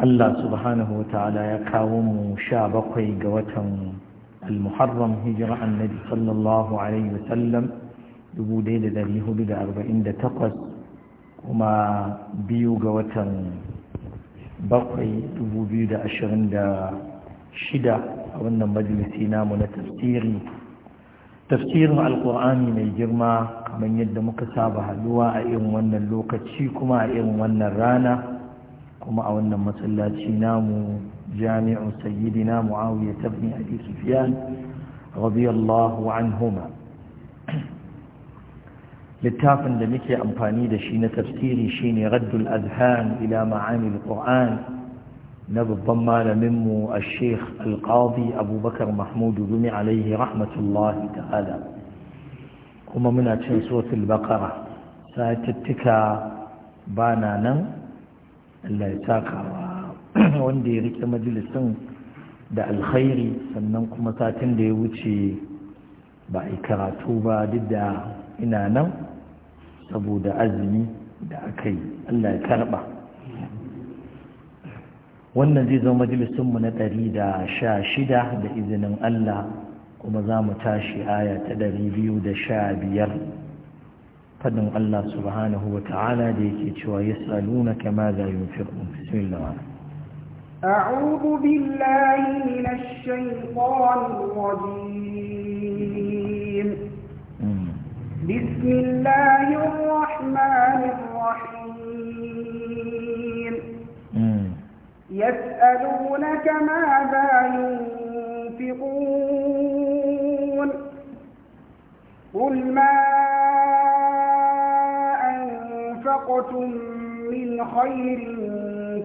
Allah subhanahu wa ta'ala ya kawo mu sha bakwai ga watan al-muharram hijira annabi sallallahu alaihi wasallam 1448 kuma biyu ga watan bakwai 2026 a wannan majalisi namu na tafsiri tafsirin alkur'ani mai girma kamar yadda muka saba haluwa a irin wannan lokaci kuma a irin wannan rana kuma a wannan masallaci namu jami'u sayyidina muawiya tabni abi sufyan radiyallahu anhuma littafin da muke amfani da shi na tafsiri shine raddul azhan ila ma'ani alquran na babban malamin mu al-sheikh al-qadi abubakar mahmud gumi alaihi rahmatullahi ta'ala kuma muna cin suratul baqara satittika bana nan Allah ya takawa wanda ya rike majalisin da alkhairi sannan kuma satin da ya wuce ba a karatu ba duk da ina nan saboda azumi da aka yi Allah ya karba wannan zai zama majalisunmu na ɗari da sha shida da izinin Allah kuma za mu tashi aya ta ɗari biyu da sha biyar فدن الله سبحانه وتعالى ديك يسألونك ماذا ينفقون بسم الله أعوذ بالله من الشيطان الرجيم بسم الله الرحمن الرحيم يسألونك ماذا ينفقون قل ما أنفقتم من خير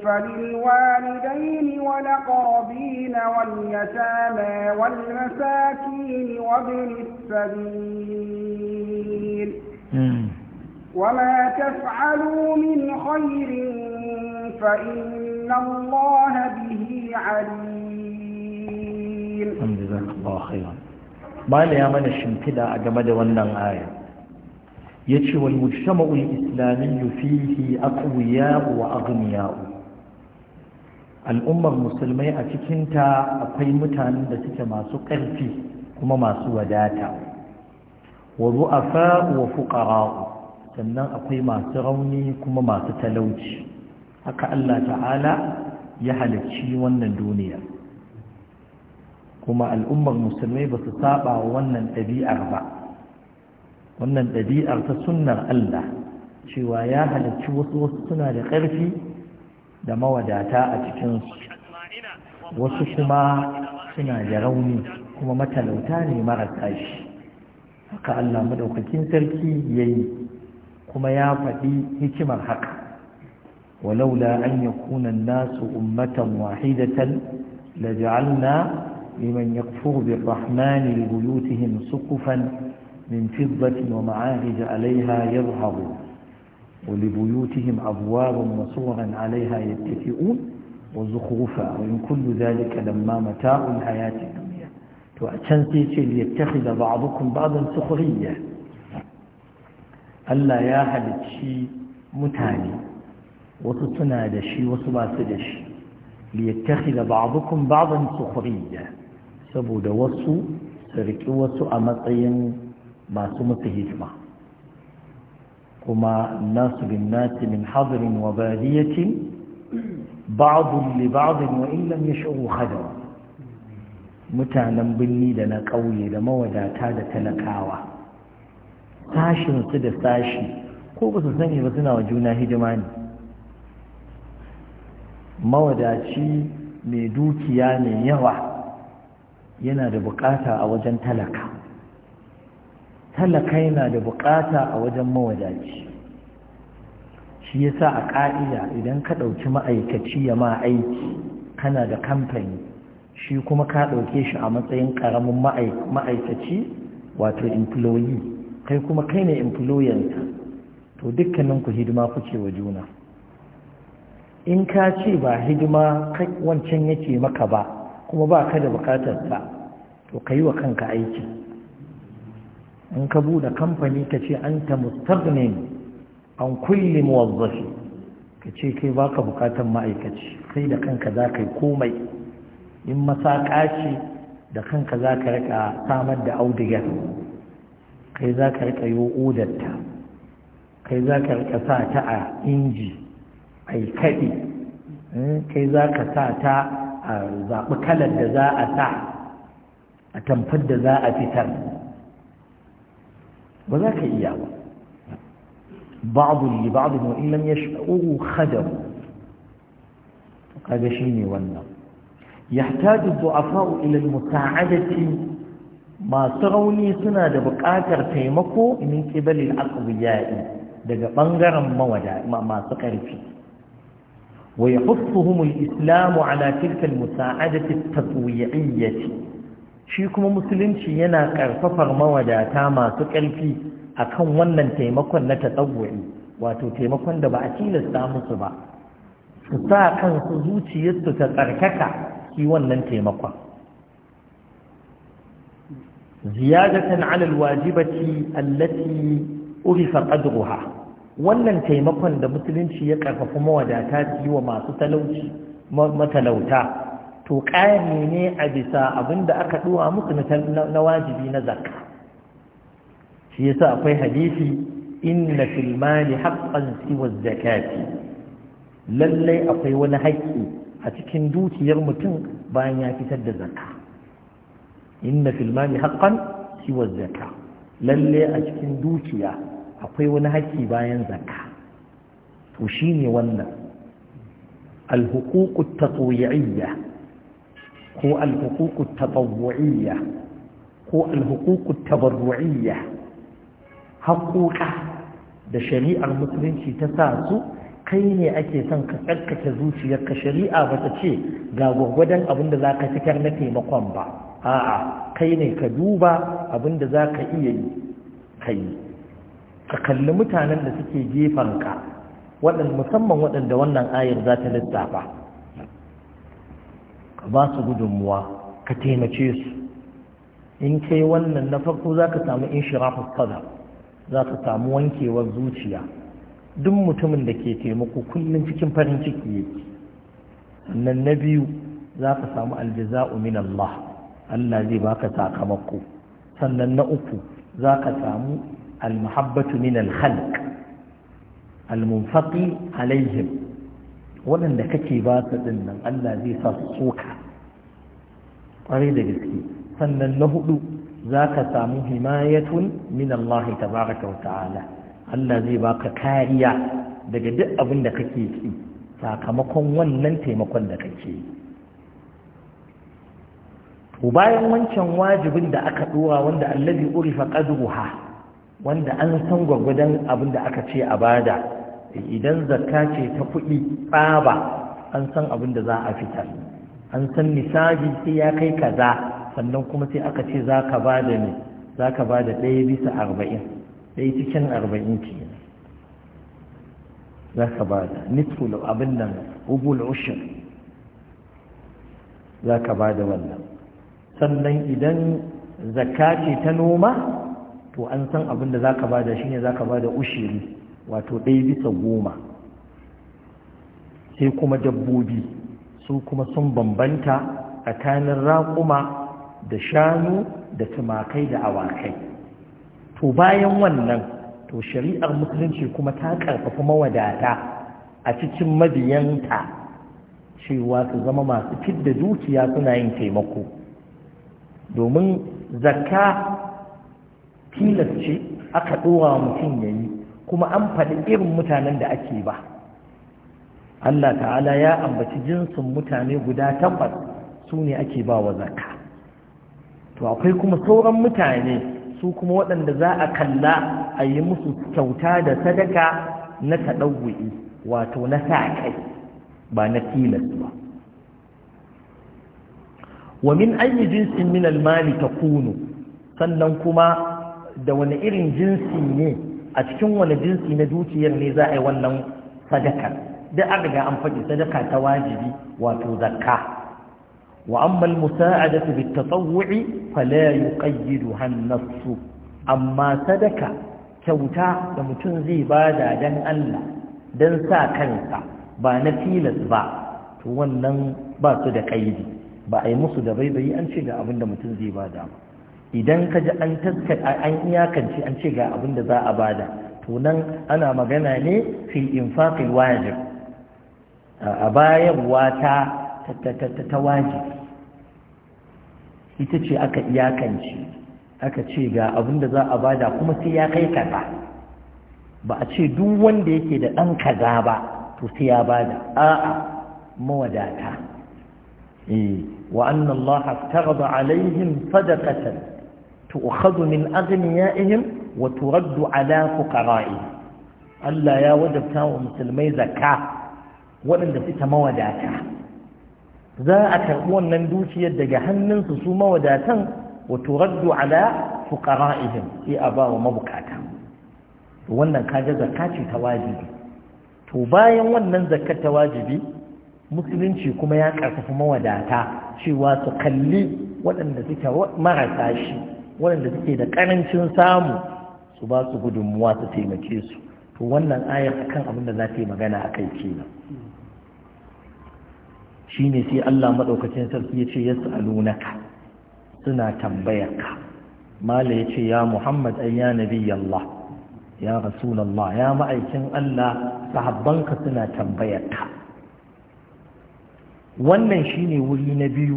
فللوالدين والأقربين واليتامى والمساكين وابن السبيل وما تفعلوا من خير فإن الله به عليم جزاك الله خيرا ما لي أمن الشمكدة أجمد ونن آية ya ce mujtama'u al-islami fihi aqwiya wa aghniya al'ummar musulmai a cikinta akwai mutanen da suke masu ƙarfi kuma masu wadata wa ru'afa wa fuqara sannan akwai masu rauni kuma masu talauci haka Allah ta'ala ya halicci wannan duniya kuma al'ummar musulmai ba su saba wa wannan ɗabi'ar ba wannan ɗabi'ar ta sunnar Allah cewa ya halarci wasu wasu suna da ƙarfi da mawadata a cikinsu wasu kuma suna da rauni kuma matalauta ne marasa shi haka Allah madaukakin sarki ya yi kuma ya faɗi hikimar haka walaula an yakuna nasu ummatan wahidatan laj'alna liman yakfuru birrahmani li buyutihim من فضة ومعاهد عليها يظهرون ولبيوتهم أبواب وسورا عليها يتكئون وزخرفا وإن كل ذلك لما متاع الحياة الدنيا وعشان ليتخذ بعضكم بعضا سخرية ألا يا أحد شي متاني وتصنع دشي وصباس دشي ليتخذ بعضكم بعضا سخرية سبو دوسو سرقوا سو أمطين masu musu hijima kuma nasu bin min hadirin wa bariyacin ba'adun li ba'adun wa illam ya sha'u hada mutanen birni da na ƙauye da mawadata da talakawa sashinsu da sashi ko ba su sani ba suna wa juna hijima ne mawadaci mai dukiya mai yawa yana da bukata a wajen talaka talaka yana da bukata a wajen mawadaci shi yasa a ƙa'ida idan ka ɗauki ma'aikaci ya ma aiki kana da kamfani shi kuma ka ɗauke shi a matsayin ƙaramin ma'aikaci wato employee kai kuma kai ne employersa to ku hidima kuke wa juna in ka ce ba hidima wancan yake maka ba kuma ba ka da ta to ka yi wa kanka aiki in ka buɗe kamfani ka ce an ta mustaghnin an kulle muwazzafi ka ce kai ba ka bukatan ma'aikaci sai da kanka za ka yi komai in masakaci ce da kanka za ka rika samar da audigar kai za ka rika yi odarta kai za ka rika sa ta a inji a yi kaɗi eh, kai za ka sa ta a zaɓi kalar da za a sa a tamfar da za a fitar ba za ka iya ba ba'dun li ba'dun wa in lam yash'uru khadahu kaga ne wannan yahtaju du'afa'u ila al-musa'adati masu rauni suna da buƙatar taimako min kibalil aqwiyai daga ɓangaren masu ƙarfi wa yahuffuhum al-islamu ala tilka al-musa'adati at shi kuma musulunci yana ƙarfafar mawadata masu ƙarfi akan wannan taimakon na tatsagwari wato taimakon da ba a tilasta musu ba su sa kansu zuciyarsu ta tsarkaka shi wannan taimakon ziyadatan alal wajibati allati urifa qadruha wannan taimakon da musulunci ya karfafa mawadata su yi wa masu talauci matalauta to ƙari ne a bisa abinda aka ɗuwa musu na wajibi na zakka shi yasa akwai hadisi inna fil mali haqqan siwa zakati lallai akwai wani haƙƙi a cikin dukiyar mutum bayan ya fitar da zakka inna fil mali haqqan siwa zakka lallai a cikin dukiya akwai wani haƙƙi bayan zakka to shine wannan al-huquq at-tatawiyya ko alhukuku tabarru'iyya ko alhukuku da shari'ar musulunci ta sa su kai ne ake son ka tsarkake zuciyarka shari'a ba ta ce ga gwagwadon abin da za ka fitar na taimakon ba a'a kai ne ka duba abin da za ka iya yi ka ka kalli mutanen da suke gefanka waɗanda musamman waɗanda wannan ayar za ta lissafa ka ba su gudunmuwa ka taimace su in kai wannan na farko za ka samu inshirafin sadar za ka samu wankewar zuciya duk mutumin da ke taimako kullum cikin farin ciki yake nan na biyu za ka samu aljaza'u min Allah Allah zai baka sakamako sannan na uku za ka samu almuhabbatu min al almunfaqi alaihim waɗanda kake ba su ɗin nan Allah zai sa su tsoka ƙwarai da gaske sannan na hudu za ka samu himayatun min Allah tabaraka wa ta'ala Allah zai baka kariya daga duk abin da kake ki sakamakon wannan taimakon da kake yi to bayan wancan wajibin da aka ɗora wanda allazi urifa qadruha wanda an san gwagwadan abin da aka ce a bada idan zakka ce ta kuɗi tsaba an san abin da za a fitar an san misali sai ya kai kaza sannan kuma sai aka ce za ka ba da ne za ka ba da ɗaya bisa arba'in ɗaya cikin arba'in ke za ka ba da nitful abin nan ugul ushir za ka ba da wannan sannan idan zakka ce ta noma to an san abin da za ka ba da shi ne za ka ba da ushiri wato ɗaya bisa goma sai kuma dabbobi su kuma sun bambanta tsakanin raƙuma da shanu da tumakai da awakai to bayan wannan to shari'ar musulunci kuma ta ƙarfafa mawadata a cikin mabiyanta cewa su zama masu fidda dukiya suna yin taimako domin zakka tilas ce aka ɗora mutum ya yi kuma an faɗi irin mutanen da ake ba Allah ta'ala ya ambaci jinsin mutane guda tabbas su ne ake ba wa zaka to akwai kuma sauran mutane su kuma waɗanda za a kalla a yi musu kyauta da sadaka na taɗawu'i wato na sa kai ba na tilas ba wa min ayi jinsin min almali kunu sannan kuma da wani irin jinsi ne a cikin wani jinsi na dukiyar ne za a yi wannan sadaka da an riga an faɗi sadaka ta wajibi wato zakka wa amma al-musa'adatu bit-tatawwu'i fala yuqayyiduha an-nass amma sadaka kyauta da mutum zai bada dan Allah dan sa kansa ba na tilas ba to wannan ba su da kaidi ba a yi musu da baibayi an ce ga abin da mutum zai bada ba idan ka ji an iyakance an ce ga abin da za a bada to nan ana magana ne fil infaqil wajib a bayarwa ta ta wajibi ita ce aka iyakance aka ce ga abin da za a bada kuma sai ya kai kaza ba a ce duk wanda yake da ɗan kaza ba to sai ya bada a'a mawadata eh wa anna allaha tarada alaihim sadaqatan تؤخذ من أغنيائهم وترد على فقرائهم ألا يا وجبتا ومسلمي زكاة وإن دفت موداتا ذا أكرؤون نندوشي يد جهنم سسوم وداتا وترد على فقرائهم في أبا ومبكاتا وأن كاجة زكاة تواجبي تباين وأن زكاة تواجبي musulunci kuma ya ƙarfafa mawadata cewa su kalli waɗanda suke marasa shi waɗanda suke da ƙarancin samu su ba su gudunmuwa su taimake su to wannan ayar akan abin da za ta yi magana a kai kenan shi ne sai Allah maɗaukacin sarki ya ce ya sa'alunaka suna tambayarka mala ya ce ya muhammad ai ya nabi Allah ya rasulallah ya ma'aikin Allah sahabbanka suna tambayarka wannan shi ne wuri na biyu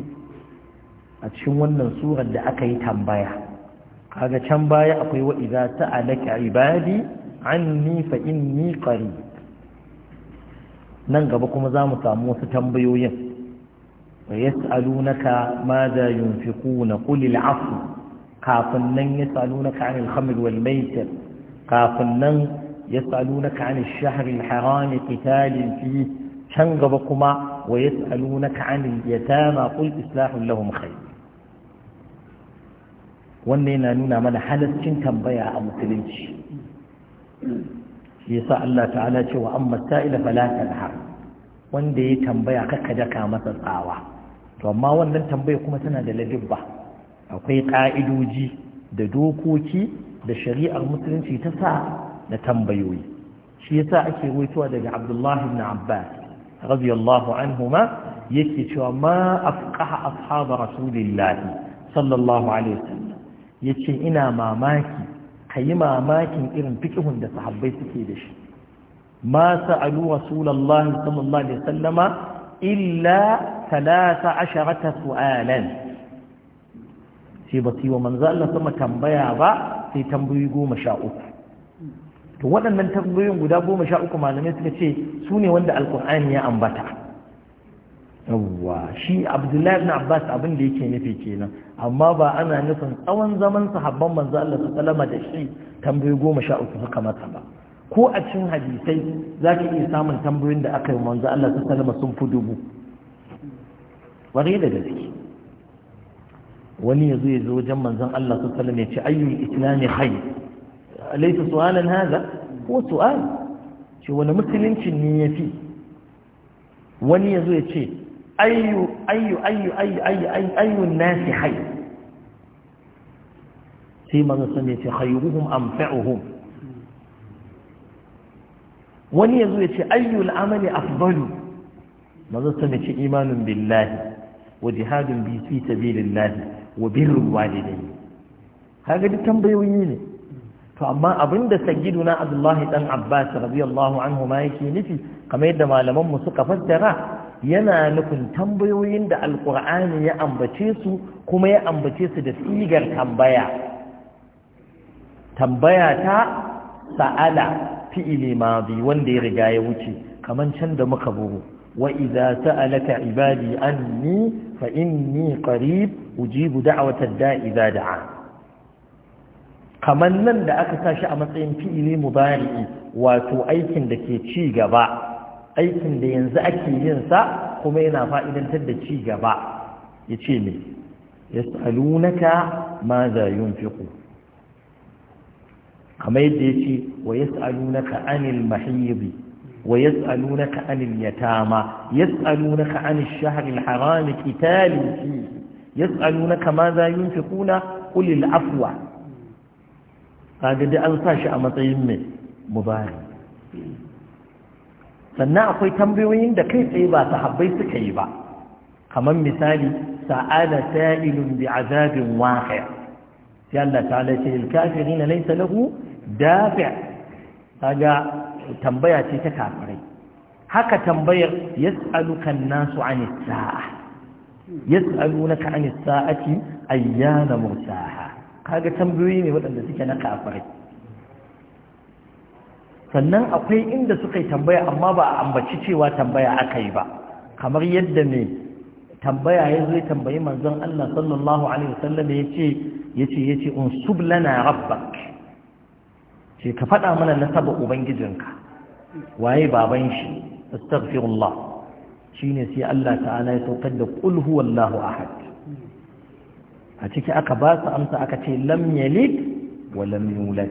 a cikin wannan surar da aka yi tambaya kaga can baya akwai wa ta ta'alaka ibadi anni fa inni kari nan gaba kuma zamu samu wasu tambayoyin wa yas'alunaka madha yunfiquna qul al-'afw kafin nan yas'alunaka 'anil khamr wal maisir kafin nan yas'alunaka 'anil shahri al-haram qitalin fi can gaba kuma wa yas'alunaka 'anil yatama qul islahun lahum khayr wannan yana nuna mana halaccin tambaya a musulunci shi yasa Allah ta'ala ce wa amma sa'ila fala tanha wanda ya tambaya kaka daka masa tsawa to amma wannan tambaya kuma tana da ladibba akwai ka'idoji da dokoki da shari'ar musulunci ta sa na tambayoyi shi yasa ake waitowa daga Abdullah ibn Abbas radiyallahu anhuma yake cewa ma afqaha ashabu rasulillahi sallallahu alaihi wasallam ya ce ina mamaki ka yi mamakin irin fikihun da sahabbai suke da shi ma sa'alu rasulallahi sallallahu alaihi sallama illa talata asharata su'alan sai ba su yi wa manzo sama tambaya ba sai tambayoyi goma sha uku to waɗannan tambayoyin guda goma sha uku malamai suka ce su ne wanda Alƙur'ani ya ambata yawwa shi abdullahi ibn abbas abin da yake nufi kenan amma ba ana nufin tsawon zaman sahabban manzo Allah sallama da shi tambayi goma sha uku suka mata ba ko a cikin hadisai zaki iya samun tambayoyin da aka yi manzo Allah sallama sun fi dubu wani da gaske wani ya zo ya zo wajen manzon Allah sallama ya ce ayyul islami khair laysa su'alan hadha ko su'al ce wani musulunci ne yafi wani ya zo ya ce ayyu ayyu ayyu ayyu ayyu ayyu ayyu nasi hay sai manzo sun ce khayruhum anfa'uhum wani yazo ya ce ayyu al'amali afdalu manzo sun ce imanun billahi wa jihadun bi fi sabilillahi wa birrul walidayni kaga duk tambayoyi ne to amma abinda sayyiduna abdullahi dan abbas radiyallahu anhu ma yake nufi kamar yadda malaman mu suka fassara yana nufin tambayoyin da alkur'ani ya ambace su kuma ya ambace su da sigar tambaya tambaya ta sa'ala fi'ili biyu wanda ya riga ya wuce kaman can da muka buru wa idza sa'alaka ibadi anni fa inni qarib ujibu da'wata da'i idza da'a kaman nan da aka tashi a matsayin fi'ili mudari wato aikin da ke ci gaba aikin da yanzu ake yin sa kuma yana fa'idantar da ci gaba yace me yas'alunaka ma za yunfiqu kamar yadda yace wa yas'alunaka anil mahiybi wa yas'alunaka anil yatama yas'alunaka anil shahril haram qitalun fihi yas'alunaka ma za yunfiquna qul al afwa kaga da an sa shi a matsayin mai mubari sannan akwai tambayoyin da kai tsaye ba sahabbai suka yi ba kamar misali sa'ada sa'ilun bi azabin waqi' sai Allah ta'ala ce lil kafirin laysa lahu dafi' kaga tambaya ce ta kafirai haka tambayar yas'aluka an-nasu 'ani as-sa'a yas'alunaka 'ani saati ayyana mursaha kaga tambayoyi ne waɗanda suke na kafirai sannan akwai inda suka yi tambaya amma ba a ambaci cewa tambaya aka yi ba kamar yadda ne tambaya ya zo tambayi manzon Allah sallallahu alaihi wasallam ya ce ya ce ya ce unsub lana rabbak ce ka faɗa mana nasaba ubangijinka waye baban shi astaghfirullah shine sai Allah ta'ala ya saukar da qul huwallahu ahad a ciki aka ba su amsa aka ce lam yalid wa lam yulad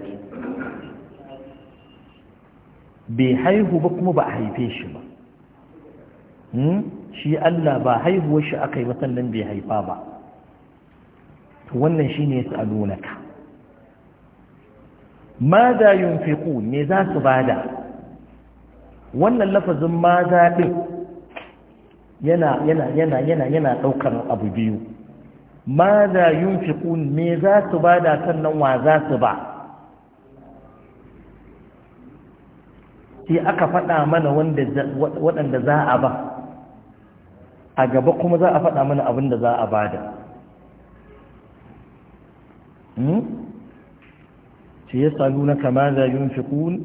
bai haihu ba kuma ba a haife shi ba hmm? shi Allah ba haihuwar shi aka yi ba sannan bai haifa ba to wannan shi ne tsalonaka ma da ku me za su bada wannan lafazin ma za ɗin yana ɗaukar abu biyu ma da ku me za su bada sannan wa za su ba sai aka faɗa mana waɗanda za a ba a gaba kuma za a faɗa mana abin da za a bada ce hmm? ya salu na kama za yun fi ƙun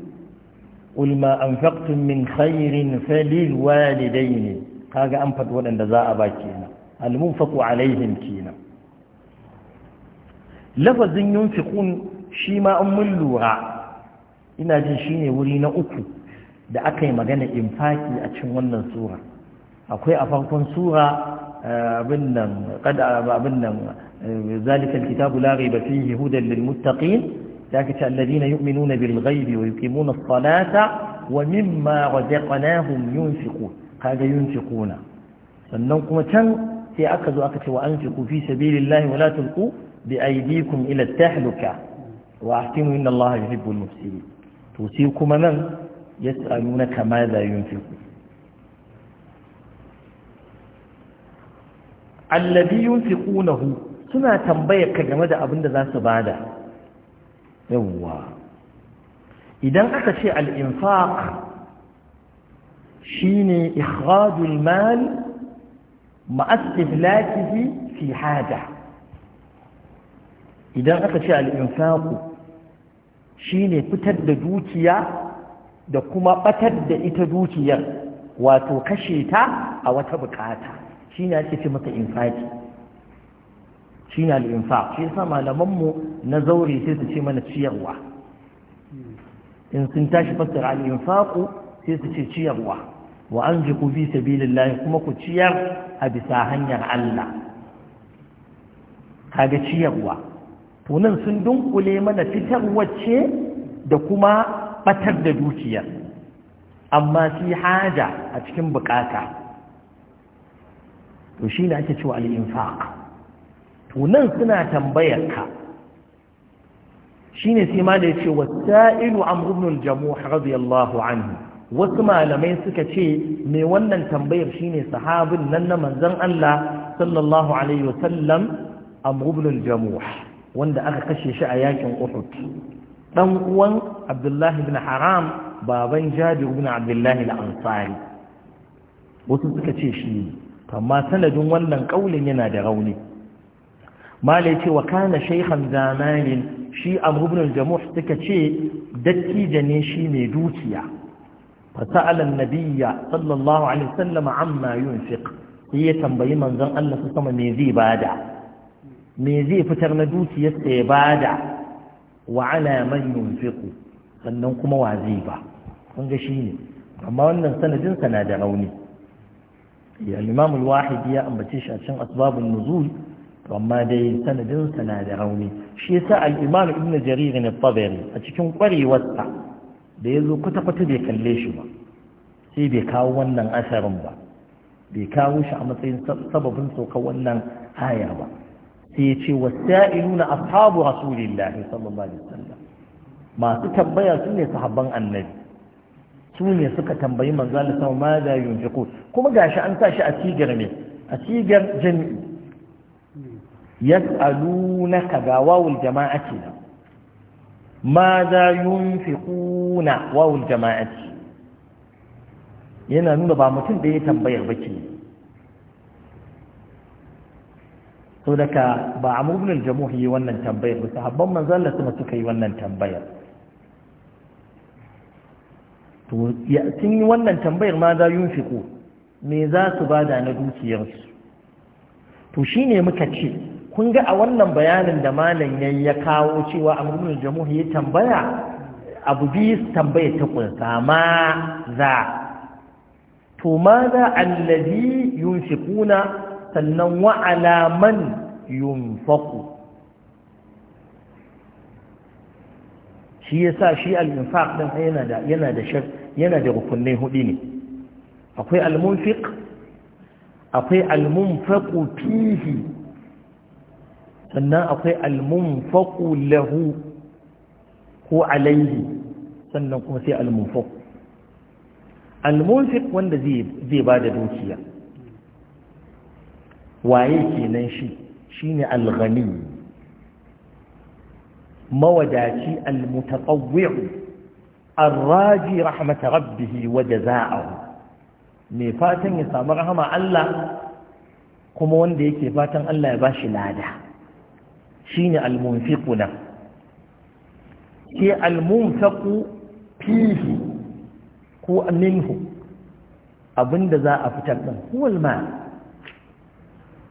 ulma an faktun min khairin falil walidai ne kaga an faɗi waɗanda za a ba kenan almun faƙo alaihim kenan lafazin yun fi ƙun shi ma an mun lura ina jin shi ne wuri na uku da aka yi magana infaki a cikin wannan sura akwai a farkon sura eh, abin nan kada abin nan eh, zalika alkitabu la ghaiba fihi hudan lil muttaqin zaka ce alladhina bilgaibi wa yuqimuna as-salata wa mimma razaqnahum yunfiqun kaga yunfiquna sannan kuma can sai aka zo aka ce wa anfiqu fi sabilillahi wa la tulqu bi aydikum ila at-tahluka wa ahsinu inna allaha yuhibbul muhsinin to sai kuma nan يسألونك ماذا ينفق الذي ينفقونه سنة تنبيك جمد أبن ذات بعد إذا إذن أكتشي الإنفاق شيني إخراج المال مع استفلاته في حاجة إذا إذن أكتشي الإنفاق شيني قتد دوتيا da kuma batar da ita dukiyar wato kashe ta a wata bukata shi ne ake ce mata infaki shi ne al'infa shi yasa malamanmu na zaure sai su ce mana ciyarwa in sun tashi fassara al'infaku sai su ce ciyarwa wa an ji ku bi sabilillahi kuma ku ciyar a bisa hanyar Allah kaga ciyarwa to sun dunkule mana fitar wacce da kuma batar da dukiyar amma fi haja a cikin bukata to shi ne ake cewa al'infaq to suna tambayar ka shi ne sai ma da ya ce wasa'ilu amrunul jamuh radiyallahu anhu wasu malamai suka ce mai wannan tambayar shine sahabin nan na manzon Allah sallallahu alaihi wasallam amrunul jamuh wanda aka kashe shi a yakin Uhud Ɗan uwan abdullahi bin haram baban jabir bin abdullahi al-ansari wasu suka ce shi amma sanadin wannan kaulin yana da rauni malai ce wa kana shaykhan zamanin shi amr ibn suka ce dattija ne shi mai dukiya fa sa'ala nabiyya sallallahu alaihi wasallam amma yunfiq sai ya tambayi manzon Allah sama me zai bada me zai fitar na dukiyarsa ya bada wa ala man yunfiqu sannan kuma wa zai ba kun ga shi ne amma wannan sanadin na da rauni ya imam wahidi ya ambace shi a cikin asbabun nuzul amma dai sanadin na da rauni shi yasa al-imam ibn jarir ne tabari a cikin kwarewarsa da yazo kwata-kwata bai kalle shi ba sai bai kawo wannan asarin ba bai kawo shi a matsayin sababin sauka wannan haya ba sai ya ce na ashabu rasulillahi sallallahu alaihi wasallam masu tambaya su ne sahabban annabi su ne suka tambayi manzo Allah sama ma da yunfiqu kuma gashi an tashi a sigar ne a sigar jami'i ka ga wawul jama'a ce ma da yunfiquna wawul jama'a ce yana nuna ba mutum da ya tambayar ba ke Sau daga ba a ibn jamuhi wannan tambayar ba sahabban manzo Allah sama suka yi wannan tambayar to sun yi wannan tambayar ma za yun me za su bada na dukiyarsu to shine muka ce kun ga a wannan bayanin da malam yayi ya kawo cewa amurin jamuhi ya tambaya abu biyu tambaya ta kunsa ma za to ma za allazi yunfiquna sannan wa ala man yunfaqu shi yasa shi al-infaq din yana da yana da yana da rukunai hudu ne akwai almunfiq akwai almunfaqu fihi sannan akwai almunfaqu lahu ko alaihi sannan kuma sai almunfaqu almunfiq wanda zai ba da dukiya waye kenan shi shine alghani mawadaci almutaqawwi' الراجي رحمة ربه وجزاءه mai fatan ya samu rahama Allah kuma wanda yake fatan Allah ya bashi lada shine al-munfiqu nan ke al-munfaqu fihi ko minhu abinda za a fitar din huwal ma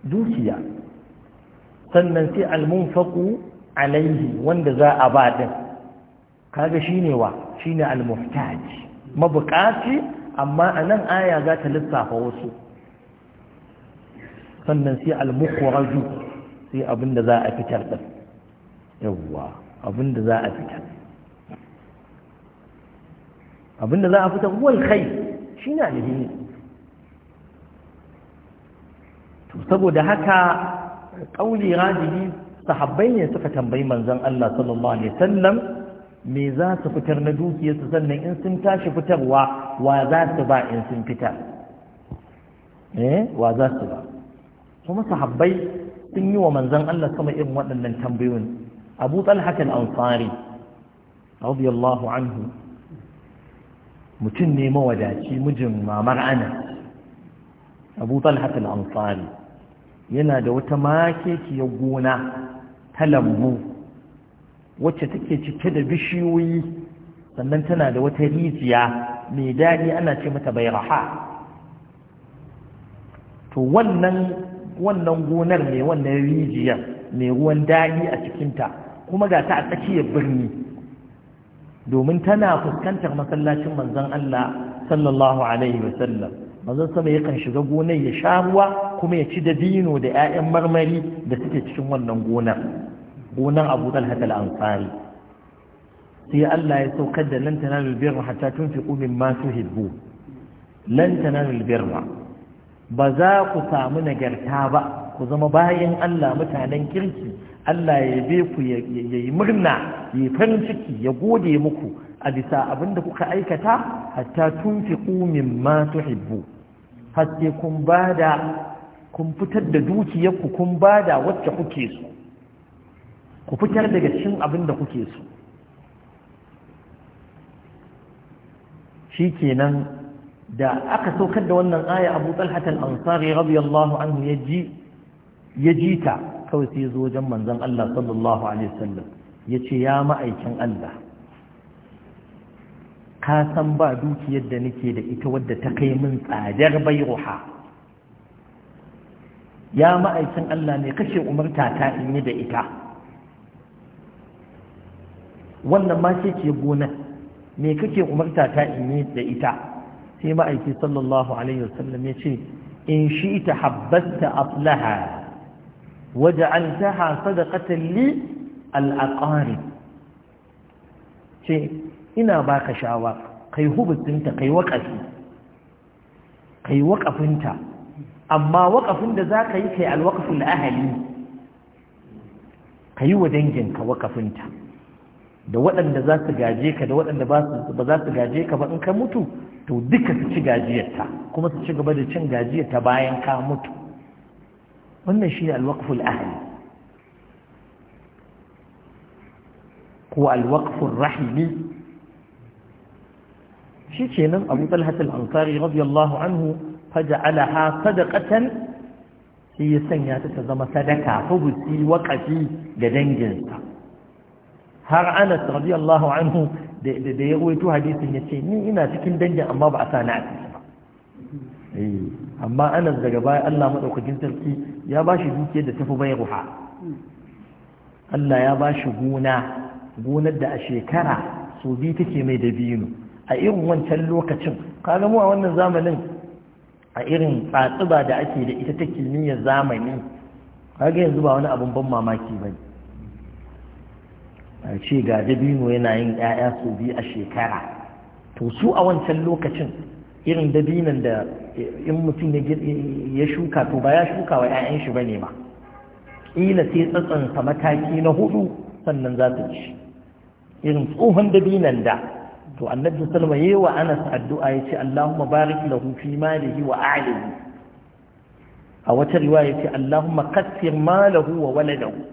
dukiya sannan sai al-munfaqu alaihi wanda za a ba ɗin. kaga shi ne wa shine al-muhtaj mabukati, amma anan aya za ta lissafa wasu sannan sai al-mukhraju sai abinda za a fitar din yawa abinda za a fitar abinda za a fitar huwa al-khair shine alheri to saboda haka kauli rajihi sahabbai ne suka tambayi manzon Allah sallallahu alaihi wasallam me za su fitar na dukiyarsu sannan in sun tashi fitarwa wa za su ba in sun fita? eh wa za su ba kuma sahabbai sun yi wa manzon Allah sama irin waɗannan tambayoyin Abu Talha ansari radiyallahu anhu mutum ne mawadaci mijin mamar ana Abu Talha ansari yana da wata makekiyar gona ta lambu wacce take cike da bishiyoyi sannan tana da wata rijiya mai daɗi ana ce mata raha. to wannan wannan gonar mai wannan rijiyar mai ruwan daɗi a cikinta kuma ga ta a tsakiyar birni domin tana fuskantar masallacin manzon Allah sallallahu alaihi wasallam manzon sama yakan shiga gonar ya sha ruwa kuma ya ci da dino da 'ya'yan marmari da suke cikin wannan gonar gonan abu talha al-ansari sai Allah ya saukar da lan tanalul birra hatta tunfiqu mimma tuhibbu lan tanalul birra ba za ku samu nagarta ba ku zama bayan Allah mutanen kirki Allah ya ku ya yi murna ya farin ciki ya gode muku a bisa abinda kuka aikata hatta tunfiqu mimma tuhibbu har sai kun bada kun fitar da dukiyarku kun bada wacce kuke so ku fitar daga cikin abin da kuke so shi kenan da aka saukar da wannan aya abu talhatal ansari radiyallahu anhu ya ji ta kawai sai zo wajen manzon Allah sallallahu alaihi wasallam ya ce ya ma'aikin Allah ka san ba dukiyar da nake da ita wadda ta kai min tsadar bayruha ya ma'aikin Allah ne kashe umarta ta in yi da ita wannan ma ce ke gona me kake umarta ta in yi da ita sai ma'aiki sallallahu alaihi wasallam ya ce in shi ta habbasta aflaha ta sadaqatan li al-aqarib ce ina baka shawa kai hubutinta kai waƙafi kai waƙafinta amma waƙafin da za ka yi kai alwaƙafin ahali ka yi wa danginka waƙafinta da waɗanda za su gaje ka da waɗanda ba za su gaje ka ba in ka mutu to duka su ci gajiyarta kuma su ci gaba da cin gajiyarta bayan ka mutu wannan shi ne alwakful ahali ko alwakful rahimi shi kenan nan abu talhatul ansari radiyallahu anhu ha sadaqatan sai ya sanya ta ta zama sadaka fa busi waqafi ga danginsa har anas radiyallahu anhu da ya ruwaito hadisin ya ce ni ina cikin dangin amma ba a sa na ba eh, amma anas daga baya Allah madaukakin sarki ya ba shi dukiyar da tafi bai ruha Allah ya ba shi gona gonar da a shekara so bi take mai binu, a irin wancan lokacin kaga mu a wannan zamanin a irin tsatsuba da ake da ita ta kimiyyar zamani kaga yanzu ba wani abin ban mamaki bane ce ga dabino yana yin 'ya'ya su biyu a shekara to su a wancan lokacin irin dabinan da in mutum ya shuka to ba ya shuka wa 'ya'yan shi bane ba ƙila sai sa mataki na hudu sannan za su ci irin tsohon dabinan da to annabi sallama yayi wa anas addu'a yace Allahumma barik lahu fi malihi wa a'lihi a wata riwaya yace Allahumma kassir malahu wa waladahu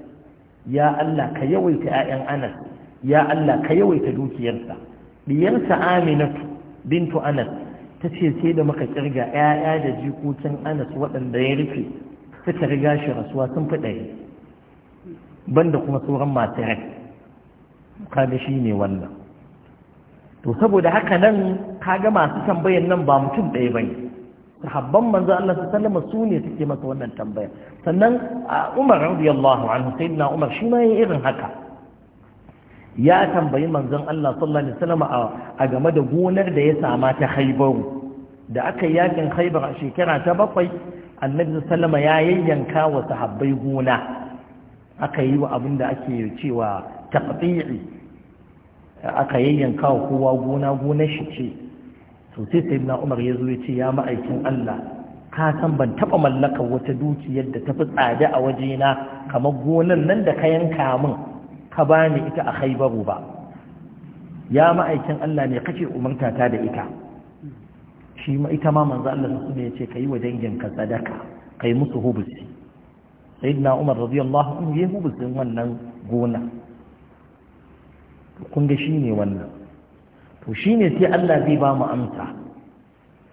ya Allah ka yawaita 'ya'yan Anas ya Allah ka yawaita dukiyarsa ɗiyarsa Aminatu bintu Anas ta ce sai da muka kirga 'ya'ya da jikokin Anas waɗanda ya rufe suka riga shi rasuwa sun fi ɗari banda kuma sauran masu rai kaga shi ne wannan to saboda haka nan kaga masu tambayan nan ba mutum ɗaya bane sahabban manzo Allah sallallahu alaihi su ne suke masa wannan tambaya sannan Umar radiyallahu anhu sayyidina Umar shi ma yayin irin haka ya tambayi manzon Allah sallallahu alaihi wasallam a game da gonar da ya sama ta Khaybar da aka yakin Khaybar a shekara ta bakwai Annabi sallallahu alaihi ya yayyanka wa sahabbai gona aka yi wa abin da ake cewa taqti'i aka yayyanka kowa gona gonar shi ce to sai na umar ya zo ya ce ya ma'aikin Allah ka san ban taɓa mallakar wata dukiyar da tafi tsada a wajena kamar gonan nan da ka yanka min ka bani ita a khaibaru ba ya ma'aikin Allah ne kake umarta ta da ita shi ma ita ma manzo Allah su ne ya yace kai wa danginka sadaka kai musu hubusi sayyidina Umar radiyallahu anhu ya hubusin wannan gona kun ga shine wannan to shine sai Allah zai ba mu amsa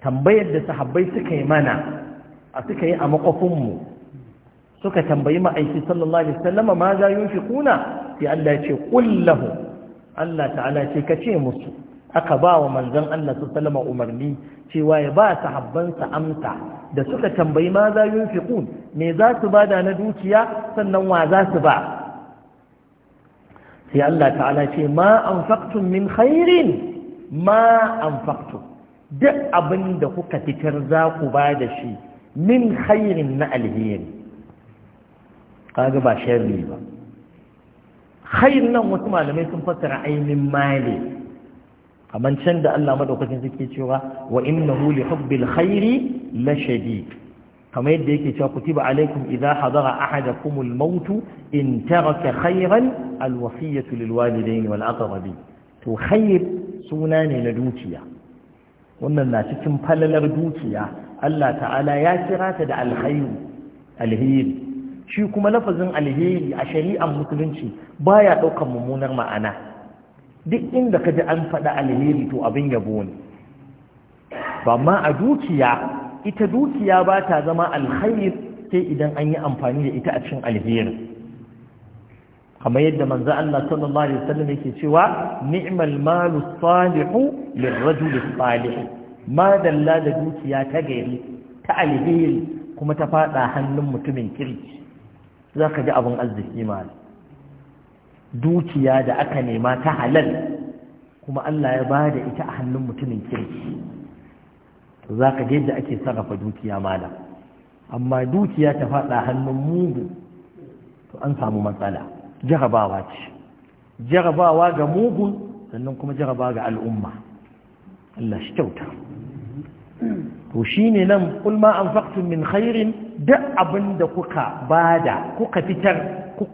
tambayar da sahabbai suka yi mana a suka yi a makwafinmu suka tambayi ma'aiki sallallahu alaihi wasallama ma za kuna, sai Allah ya ce qul Allah ta'ala ce ce musu aka ba wa manzon Allah sallallahu alaihi umarni cewa ya ba sahabbansa amsa da suka tambayi ma za kun, me za su da na dukiya sannan wa za su ba sai Allah ta'ala ce ma anfaqtum min khairin ma anfaqtu duk abin da kuka fitar za ku ba da shi min khairin na alheri kaga ba sharri ba khair nan wasu malamai sun fassara ainin mali kamar can da Allah madaukakin suke cewa wa innahu li hubbil khairi la shadid kamar yadda yake cewa kutiba alaikum idza hadara ahadakum al maut in taraka khairan al wasiyatu lil walidayni wal aqrabi to khair suna ne na dukiya wannan na cikin falalar dukiya Allah ta'ala ya kira ta da alhayyu alheri shi kuma lafazin alheri a shari'ar musulunci baya ɗaukar mummunar ma'ana duk inda ka ji an faɗa alheri to abin yabo ne ba ma a dukiya ita dukiya ba ta zama alhair sai idan an yi amfani da ita a cikin alheri kamar yadda manzo Allah sallallahu alaihi wasallam yake cewa ni'mal malu salihu lirrajuli salih ma dalla da dukiya ta gari ta alheri kuma ta fada hannun mutumin kirki zaka ji abin arziki ma dukiya da aka nema ta halal kuma Allah ya bada ita a hannun mutumin kirki to zaka ga yadda ake sarrafa dukiya malam amma dukiya ta fada hannun mugu to an samu matsala jarabawa ce jarabawa ga mugun sannan kuma jarabawa ga al'umma Allah shi kyauta to shine nan kul an anfaqtum min khairin duk abinda kuka bada kuka fitar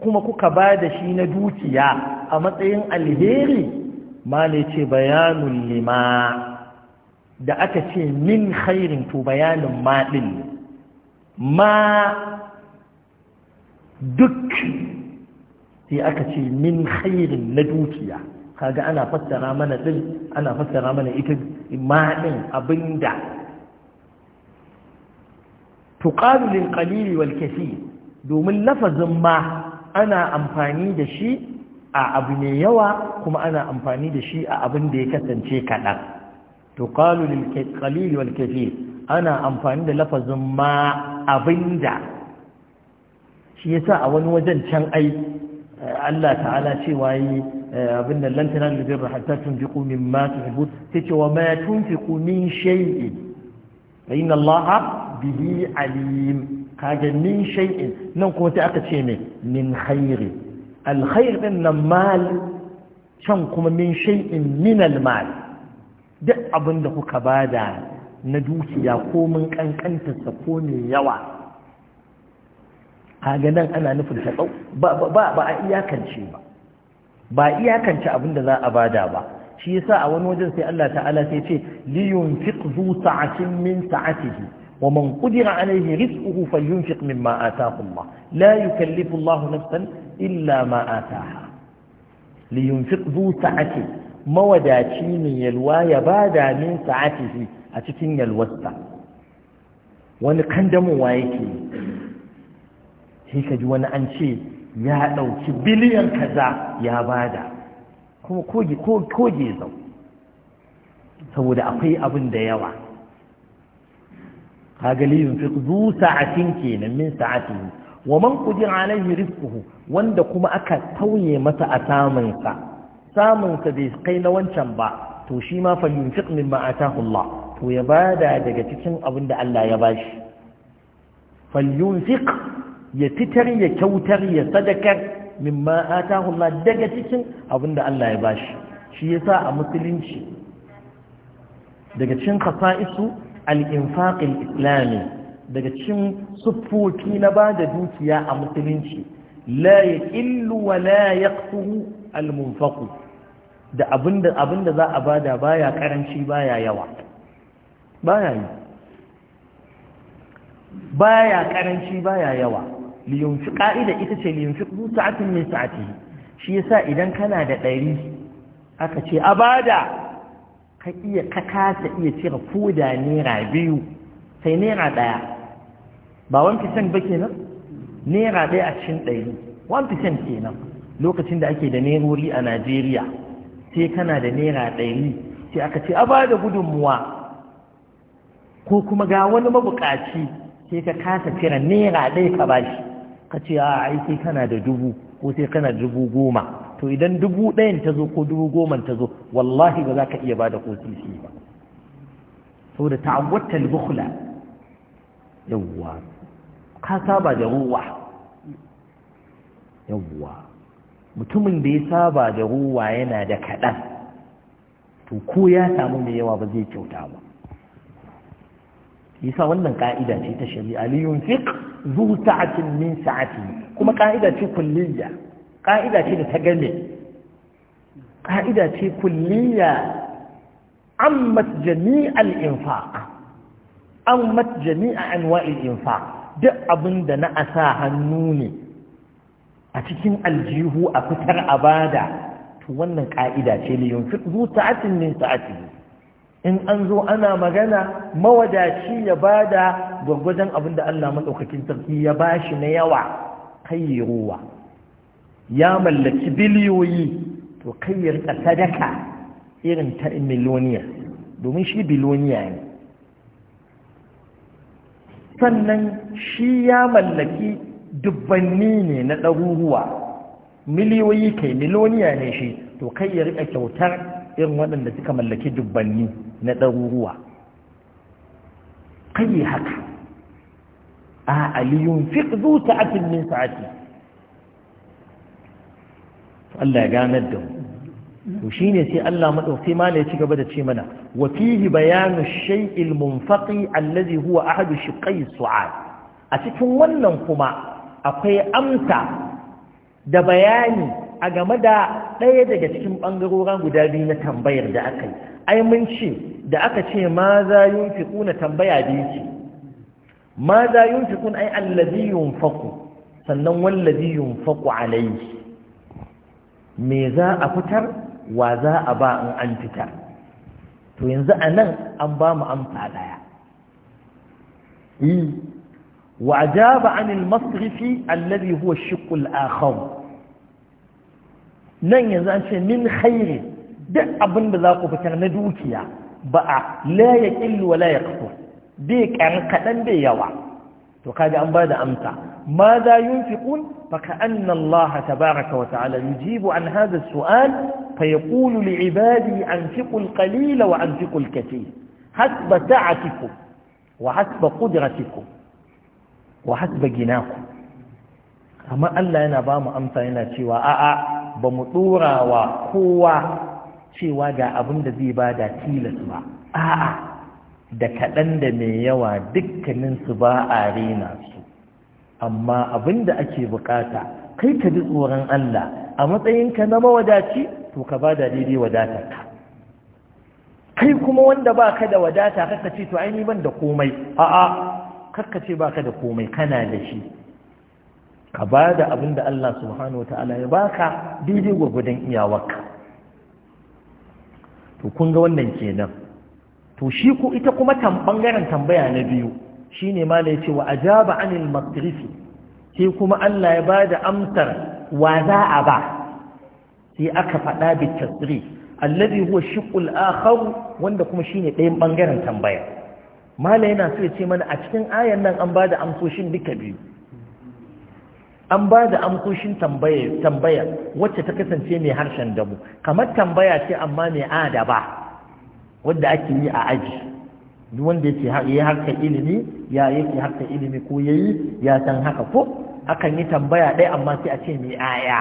kuma kuka bada shi na dukiya a matsayin alheri mala ce bayanun lima da aka ce min khairin to bayanin ma din ma duk sai aka ce min khairin na dukiya kaga ana fassara mana din ana fassara mana ita ma din abinda tuqalu lil qalil wal domin lafazin ma ana amfani da shi a abu mai yawa kuma ana amfani da shi a abin da ya kasance kaɗan tuqalu lil qalil wal ana amfani da lafazin ma abinda shi yasa a wani wajen can ai Allah ta'ala cewa yi eh, abin da lantana da fi hatta tunfiqu mimma tuhibbu tace wa ma tunfiqu min shay'in A inna Allah bihi alim kaga min shay'in nan kuma ta aka ce ne min khairi alkhair nan mal can kuma min shay'in min almal duk abin da kuka bada na dukiya ko mun kankanta ko mai yawa haganan ana nufin taɓau ba a iyakance ba ba a iyakance abin da za a bada ba shi yasa a wani wajen sai Allah ta'ala sai ce liyun fiqzu sa'atin min sa'atihi wa man qudira alayhi rizquhu falyunfiq mimma ataahu Allah la yukallifu Allahu nafsan illa ma ataaha liyun fiqzu mawadaci ne yalwa ya bada min sa'atihi a cikin yalwarsa wani kandamuwa yake sai ka ji wani an ce ya ɗauki biliyan kaza ya bada kuma koge ya zau saboda akwai abin da yawa kaga liyun fi zu sa'atin min sa'atin wa man qudira alaihi rizquhu wanda kuma aka tauye masa a samun samunsa samun bai kai na wancan ba to shi ma fa yunfiq min Allah to ya bada daga cikin abin Allah ya bashi falyunfiq ya fitar ya kyautar ya sadakar mimma atahu Allah daga cikin abinda Allah ya bashi shi yasa a musulunci daga cikin khasa'isu al-infaq al-islami daga cikin suffofi na bada dukiya a musulunci la yaqillu wa la yaqtu al-munfaq da abinda abinda za a bada baya karanci baya yawa baya yi baya karanci baya yawa liyunfi ƙa'ida ita ce liyunfi sa'atin min sa’ati shi yasa idan kana da ɗari aka ce a bada ka iya ka kasa iya cire ko da naira biyu sai naira ɗaya ba wani fitan ba kenan naira ɗaya a cikin ɗari wani fitan kenan lokacin da ake da nerori a najeriya sai kana da naira ɗari sai aka ce a bada gudunmuwa ko kuma ga wani mabukaci sai ka kasa cire naira ɗaya ka bashi ka ce a ai kana da dubu ko sai kana dubu goma to idan dubu ɗayan ta zo ko dubu goman ta zo wallahi ba za ka iya ba da ko sisi ba da ta'awwatta al-bukhla yawwa ka saba da ruwa yawwa mutumin da ya saba da ruwa yana da kaɗan to ko ya samu mai yawa ba zai kyauta ba yasa wannan ka'ida ce ta shari'a li yunfiq zu sa'atin min sa'ati kuma ka'ida ce kulliyya ka'ida ce da ta game ka'ida ce kulliyya ammat jami'al infaq ammat jami'a anwa'il infaq duk abinda na asa hannu ne a cikin aljihu a fitar abada to wannan ka'ida ce li yunfiq zu sa'atin min sa'ati in an zo ana magana mawadaci ya bada gwargwadon abin da Allah maɗaukakin sarki ya shi na yawa kai ruwa ya mallaki biliyoyi to kai ya rika sadaka irin ta miloniya domin shi biloniya ne sannan shi ya mallaki dubbanni ne na ɗaruruwa miliyoyi kai miloniya ne shi to kai ya rika kyautar irin waɗanda suka mallaki dubbanni na ɗaruruwa kai haka a aliyun fiq zu ta'atin min sa'ati Allah ya ganar da mu to ne sai Allah madauki ma ne ya ci gaba da ce mana wa fihi bayanu shay'il munfaqi allazi huwa ahadu shiqai su'al a cikin wannan kuma akwai amsa da bayani a game da ɗaya daga cikin ɓangarorin guda biyu na tambayar da aka yi ai mun ce da aka ce ma za yunfiquna tambaya biyu ce ma za yunfiqun ai allazi yunfaqu sannan wallazi yunfaqu alayhi me za a fitar wa za a ba in an fitar to yanzu anan an ba mu amsa e, wa وعجاب عن المصرف الذي huwa shukul الآخر nan yanzu an ce min khairi duk abin da za ku fitar na dukiya ba a la wa la kafu bai kaɗan bai yawa to kaga an bada amsa ma za yunfiqun fa ka anna Allah tabaraka wa ta'ala yujibu an hadha su'an sual fa yaqulu li ibadi fi al kalila wa anfiqu al-katir hasba ta'atikum wa hasba qudratikum wa hasba ginakum amma Allah yana ba mu amsa yana cewa a'a ba mu ɗora wa kowa cewa ga abin da zai ba da tilas ba a'a da kaɗan da mai yawa dukkaninsu ba a rena su amma abin da ake bukata kai ka ji tsoron Allah a matsayinka na mawadaci to ka ba da daidai wadatarka kai kuma wanda ba ka da wadata kakka ce to ainihin ban da komai a'a kakka ce ba ka da komai kana da shi ka ba da abin da Allah subhanahu wa ta'ala ya baka daidai gwagwadon iyawarka to kun ga wannan kenan to shi ko ita kuma bangaren tambaya na biyu shine ma ya ce wa ajaba anil maqdisi sai kuma Allah ya ba da amsar wa za a ba sai aka faɗa bi tasri alladhi huwa shiqul akhar wanda kuma shine ɗayan bangaren tambaya mala yana so ya ce mana a cikin ayan nan an ba da amsoshin duka biyu an ba da amkoshin tambaya wacce ta kasance mai harshen damu kamar tambaya ce amma mai ba. wadda ake yi a aji duk wanda yake yi harkar ilimi ya yake harkar ilimi ko ya yi ya san haka ko akan yi tambaya ɗaya amma sai a ce mai aya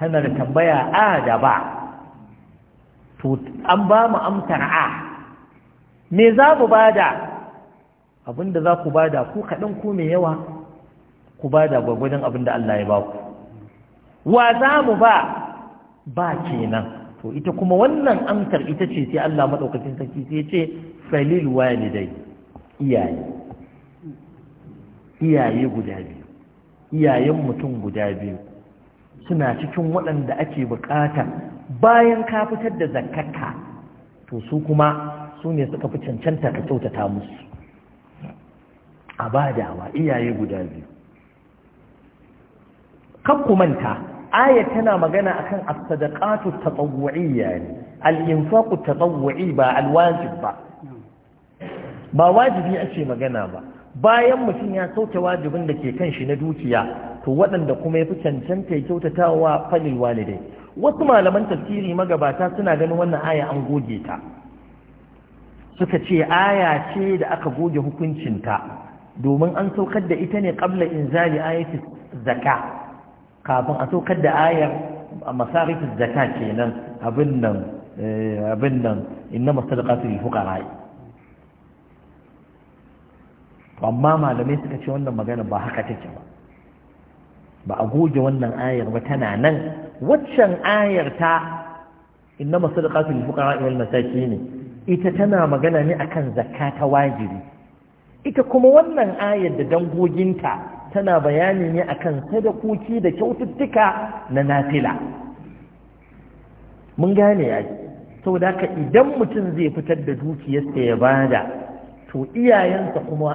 tana da tambaya a da ba. to an ba mu amsar a me za mu bada abinda za ku bada ku kaɗan ko mai yawa ku ba da gwagwadon abin da Allah ya ba ku wa za mu ba ba kenan to ita kuma wannan amsar ita ce sai Allah maɗaukacin sarki sai ce falil walidai iyaye iyaye guda biyu iyayen mutum guda biyu suna cikin waɗanda ake bukata bayan ka fitar da zakkarka to su kuma su ne suka fi cancanta ka kyautata musu a badawa iyaye guda biyu kakkumanta manta aya tana magana akan as-sadaqatu tatawwu'iyya ne al-infaqu tatawwu'i ba al-wajib ba ba wajibi ake magana ba bayan mutum ya sauke wajibin da ke kan shi na dukiya to waɗanda kuma ya fi cancanta ya kyautata walidai wasu malaman tafsiri magabata suna ganin wannan aya an goge ta suka ce aya ce da aka goge hukuncinta domin an saukar da ita ne in inzali ayati zaka kafin a saukar da ayar a masarifin zaka kenan abin nan eh, abin nan inna masadaqatu lil fuqara amma malamai suka ce wannan magana ba haka take ba ba a goge wannan ayar ba tana nan waccan ayar ta inna masadaqatu lil wannan wal ne. ita tana magana ne akan zakka ta wajibi ita kuma wannan ayar da dangoginta tana bayani ne akan sadakoki da kyaututtuka na nafila mun gane ya saboda ka idan mutum zai fitar da dukiyarsa ya bada to iyayensa kuma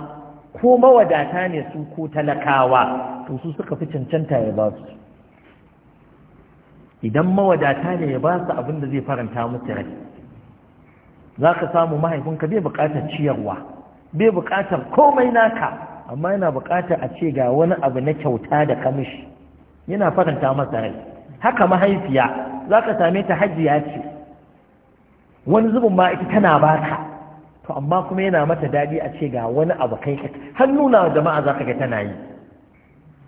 ko mawadata ne su ko talakawa to su suka fi cancanta ya ba su idan mawadata ne ya ba su abin da zai faranta musu rai za ka samu mahaifinka bai buƙatar ciyarwa bai buƙatar komai naka amma yana bukata a ce ga wani abu na kyauta da kamishi yana faranta masa rai haka mahaifiya za ka same ta hajiya ce wani zubin ma ita tana baka to amma kuma yana mata daɗi a ce ga wani abu kai ka har nuna jama'a za ka ga tana yi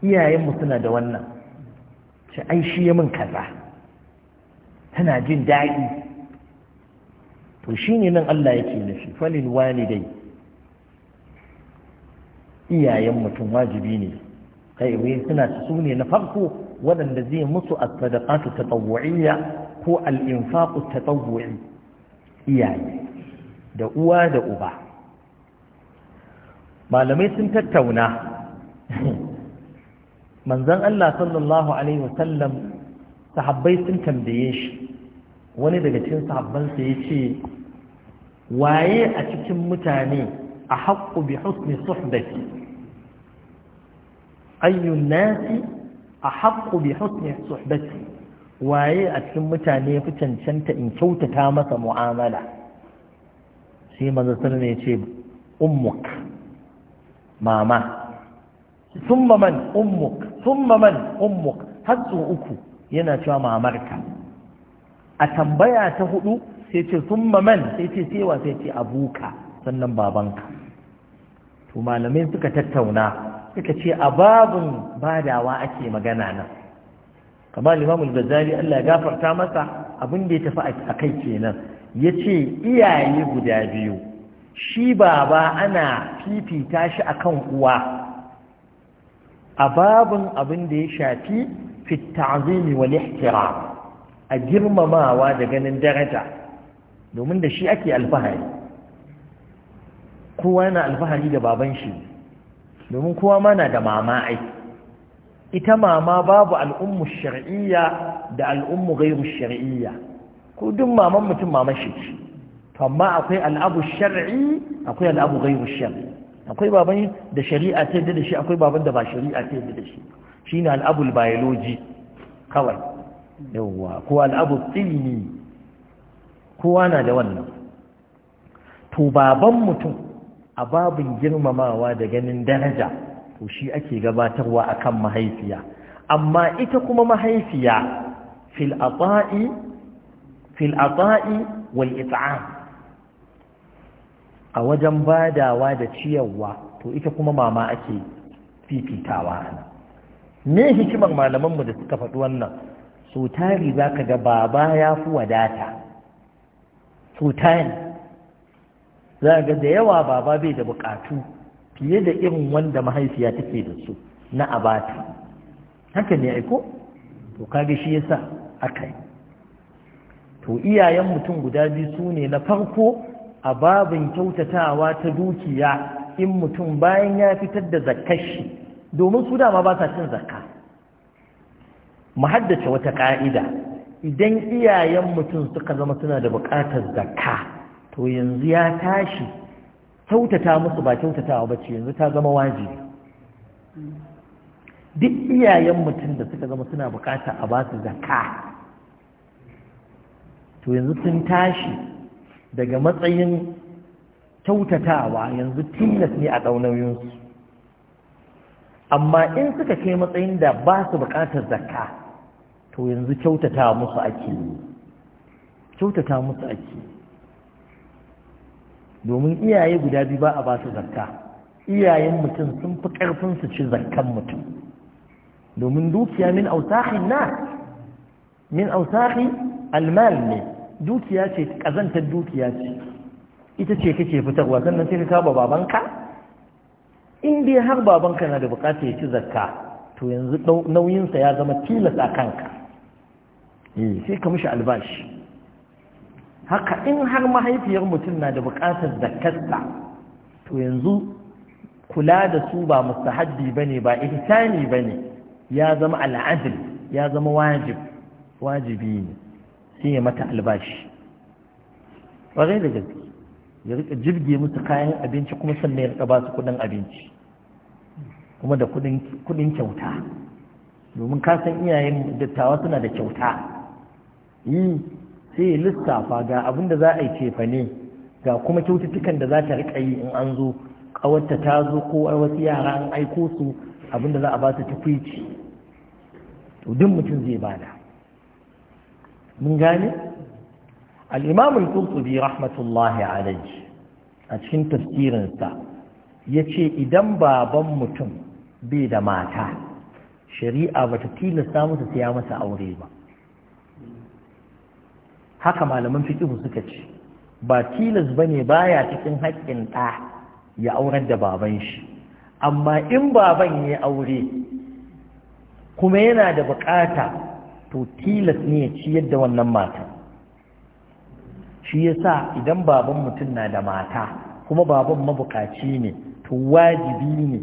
iyayenmu suna da wannan ce ai shi ya min kaza tana jin daɗi to shine nan Allah yake nufi falil walidai iyayen mutum wajibi ne kai wai suna su ne na farko waɗanda zai mutu a sadaqatu tatawwu'iyya ko al-infaqu tatawwu'i iyaye da uwa da uba malamai sun tattauna manzon Allah sallallahu alaihi wasallam sahabbai sun tambaye shi wani daga cikin sahabbansa ya ce waye a cikin mutane a haƙƙu bi husni suhbati ayyun nasi ahaqqu bi husni suhbati waye a cikin mutane fi cancanta in kyautata masa mu'amala sai manzo sallallahu alaihi wasallam ya ce ummuk mama thumma ummuk thumma ummuk har uku yana cewa mamarka a tambaya ta hudu sai ce thumma man sai ce sai sai ce abuka sannan babanka to malamai suka tattauna suka ce a babun badawa ake magana nan kamar limamul gazali Allah ya gafarta masa abin da ya tafi a kai kenan ya ce iyaye guda biyu shi baba ana fifita shi a kan uwa a babun abin da ya shafi fit ta'zimi wal a girmamawa da ganin daraja domin da shi ake alfahari kowa yana alfahari da baban shi domin kowa mana da mama ai ita mama babu al'ummu shar'iyya da al'ummu gairu shar'iyya ko duk maman mutum mama shi ce to amma akwai al'abu shar'i akwai al'abu gairu shar'i akwai baban da shari'a ta yadda da shi akwai baban da ba shari'a ta yadda da shi shine al'abul biology kawai yawwa ko al'abu tsini kowa na da wannan to baban mutum a babin girmamawa da ganin daraja to shi ake gabatarwa akan mahaifiya amma ita kuma mahaifiya fil ata'i fil ata'i wal it'am a wajen badawa da ciyarwa to ita kuma mama ake fifitawa ana me hikimar malaman mu da suka faɗi wannan so tari zaka ga baba ya fi wadata so tari za ga da yawa baba bai da bukatu fiye da irin wanda mahaifiya take da su na abata haka ne aiko to kage shi yasa aka yi to iyayen mutum guda biyu su ne na farko a babin kyautatawa ta dukiya in mutum bayan ya fitar da zakar shi domin su dama ba sa cin zakka mu haddace wata ka'ida idan iyayen mutum suka zama suna da bukatar zakka to yanzu ya tashi kyautata musu ba kyautatawa ba ce yanzu ta zama wajibi duk iyayen mutum da suka zama suna bukata a basu zaka to yanzu sun tashi daga matsayin kyautatawa yanzu tilas ne a ɗaunayinsu amma in suka kai matsayin da ba su bukatar zaka to yanzu kyautata musu ake kyautata musu ake domin iyaye guda biyu ba a ba su zakka iyayen mutum sun fi ƙarfin su ci zakkan mutum domin dukiya min autahin na min autahi almal ne dukiya ce ƙazantar dukiya ce ita ce kake fitarwa sannan sai ka kaba babanka in dai har babanka na da bukatar ya ci zakka to yanzu nauyinsa ya zama tilas a kanka eh, sai ka mishi albashi haka in har mahaifiyar mutum na da buƙatar kasta, to yanzu kula da su ba ba bane ba ihsani bane ya zama al'adil ya zama wajib wajibi ne sai ya mata albashi ƙwarai da gaske ya rika jirge musu kayan abinci kuma sannan ya rika ba su kudin abinci kuma da kudin kyauta domin kasan iyayen dattawa suna da kyauta sai ya lissafa ga abin da za a yi cefa ne ga kuma kyaututtukan da za ta riƙa yi in an zo ƙawarta ta zo ko wasu yara an aiko su abin da za a ba su tukwici to duk mutum zai bada mun gane al-imam al rahmatullahi alayhi a cikin tafsirinsa ce idan baban mutum bai da mata shari'a bata tilasta masa siya masa aure ba haka malaman fitubu suka ce ba tilas ba ne baya cikin haƙƙin ɗa ya aurar da baban shi amma in baban ya aure kuma yana da buƙata to tilas ne ya ciyar da wannan mata shi yasa idan baban mutum na da mata kuma baban mabukaci ne to wajibi ne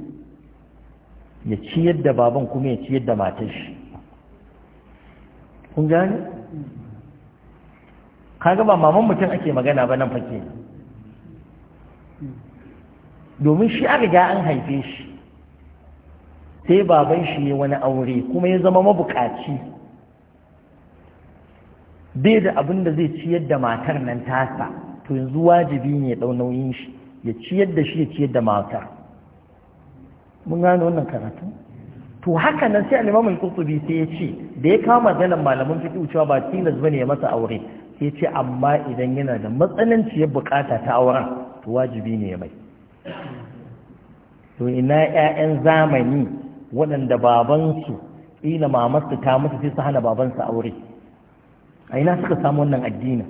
ya ciyar da baban kuma ya ciyar da matar shi kun gane kaga ba maman mutum ake magana ba nan fake domin shi a riga an haife shi sai baban shi ya wani aure kuma ya zama mabukaci bai da abin da zai ciyar da matar nan tasa to yanzu wajibi ne ya nauyin shi ya ciyar da shi ya ciyar da matar mun gano wannan karatu to haka nan sai Alimamin imam sai ya ce da ya kama maganar malamin fiƙi cewa ba tilas bane ya masa aure ya ce amma idan yana da matsananciyar bukata ta auren to wajibi ne ya mai to ina 'ya'yan zamani waɗanda babansu ƙila mamarsu ta mutu sai su hana babansu aure a ina suka samu wannan addini